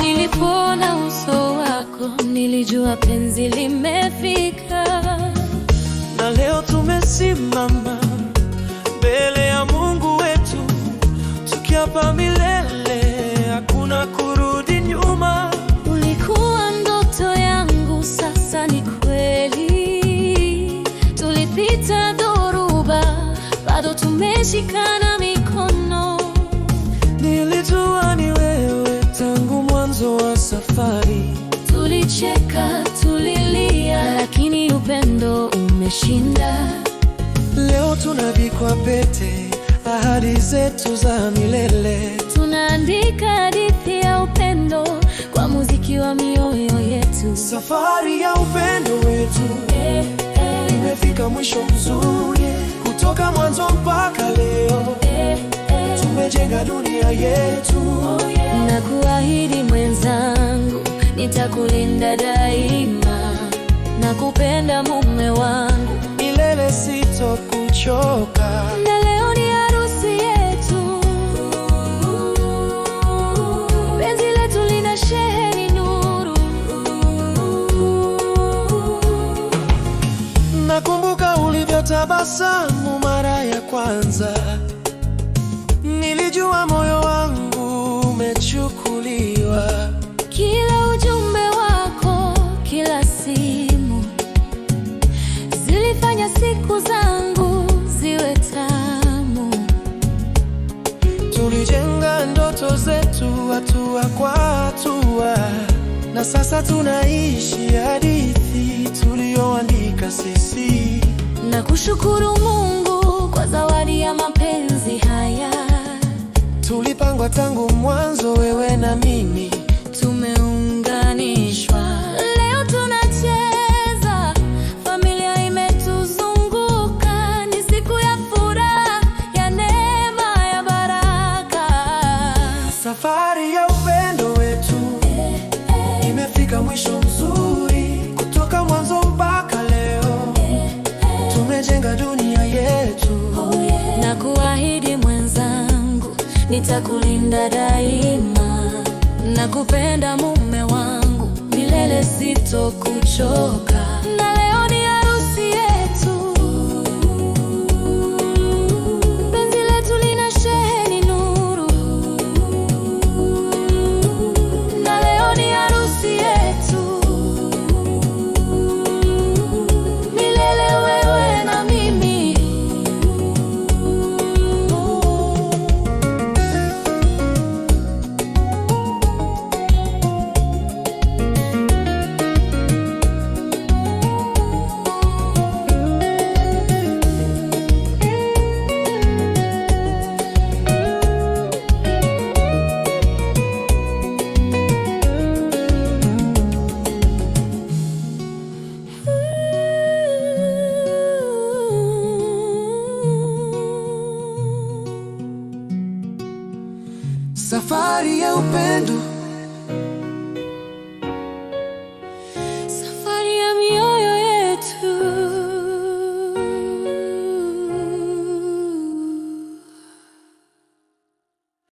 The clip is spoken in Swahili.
Nilipoona uso wako nilijua penzi limefika, na leo tumesimama mbele ya Mungu wetu tukiapa tumeshikana mikono. Nilijua ni wewe tangu mwanzo wa safari. Tulicheka, tulilia, lakini upendo umeshinda. Leo tunavikwa pete, ahadi zetu za milele. Tunaandika hadithi ya upendo kwa muziki wa mioyo yetu. Safari ya upendo wetu eh, eh, imefika mwisho mzuri. dunia yetu Na kuahidi mwenzangu, nitakulinda daima na kupenda mume wangu milele, sitokuchoka na leo ni harusi yetu, penzi letu lina sheheni nuru. Nakumbuka ulivyotabasamu mara ya kwanza Nilijua moyo wangu umechukuliwa, kila ujumbe wako, kila simu zilifanya siku zangu ziwe tamu. Tulijenga ndoto zetu hatua kwa hatua, na sasa tunaishi hadithi tuliyoandika sisi. Nakushukuru Mungu kwa tangu mwanzo, wewe na mimi tumeunganishwa. Leo tunacheza, familia imetuzunguka. Ni siku ya furaha, ya neema, ya baraka. Safari ya upendo wetu eh, eh, imefika mwisho mzuri. nitakulinda daima na kupenda mume wangu milele, sitokuchoka. safari é o pêndulo.